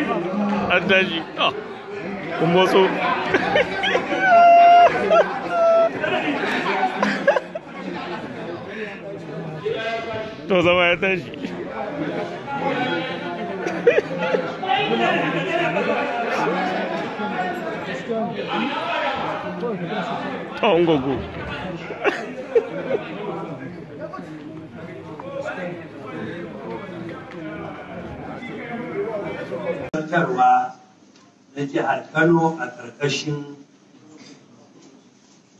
an ah, tashi to zama sadaukarwa na jihar Kano a ƙarƙashin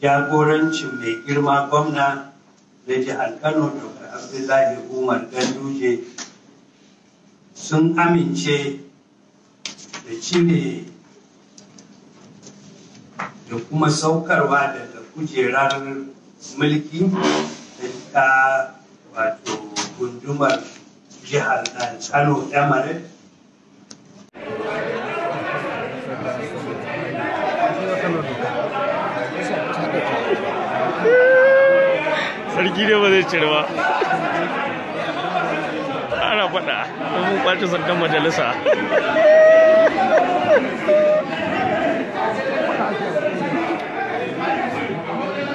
jagorancin mai girma gwamna na jihar Kano Dr. Abdullahi Umar Ganduje sun amince da cire da kuma saukarwa daga kujerar mulki ta wato gundumar jihar Kano Emirate sarki ne ba zai cire ba ana faɗa don mu kwace sandan majalisa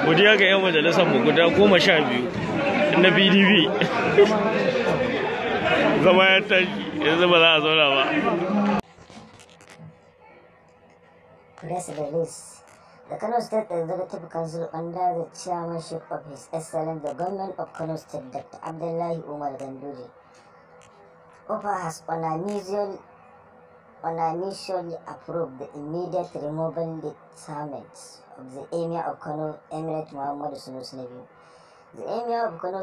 godiya ga 'yan majalisar mu guda goma sha biyu na pdp zama ya tashi yanzu ba za a zauna ba Press the loose. The Kano State Executive Council under the chairmanship of His Excellency the Government of Kano State Dr. Abdullahi Umar Ganduri Opa has unanimously, unanimously approved the immediate removal determinants of the Emir of Kano Emirate Muhammad Sunus Nabi. The Emir of Kano,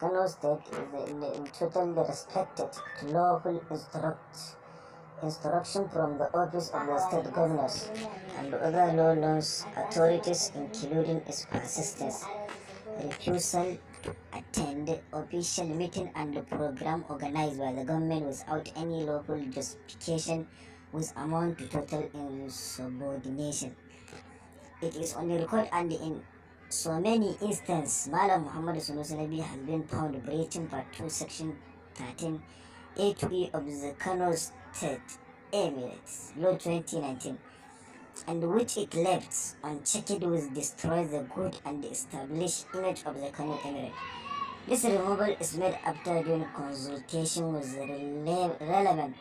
Kano State is totally respected to lawful instruct instruction from the office of the state governors and other law authorities including its assistants, refusal, attend official meeting and program organized by the government without any local justification which amount to total insubordination. It is on the record and in so many instances, Malam Muhammad Sunusi has been found breaching Part 2, Section 13 8 of the Kano State Emirates, Law 2019, and which it left unchecked will destroy the good and established image of the Kano Emirate. This removal is made after doing consultation with the relevant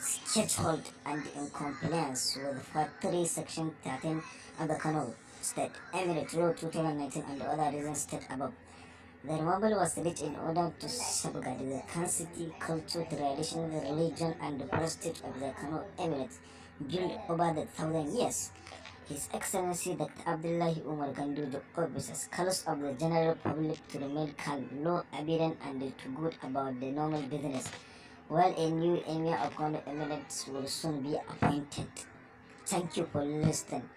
stakeholders and in compliance with Factory Section 13 of the Kano State Emirate Law 2019 and other reasons stated above. The novel was written in order to safeguard the city culture, tradition, religion, and the prestige of the Kano Emirate built over the thousand years. His Excellency Dr. Abdullahi Umar Gandu, the officers, colors of the general public to remain calm, no aberrant, and to good about the normal business, while a new emir of Kano Emirates will soon be appointed. Thank you for listening.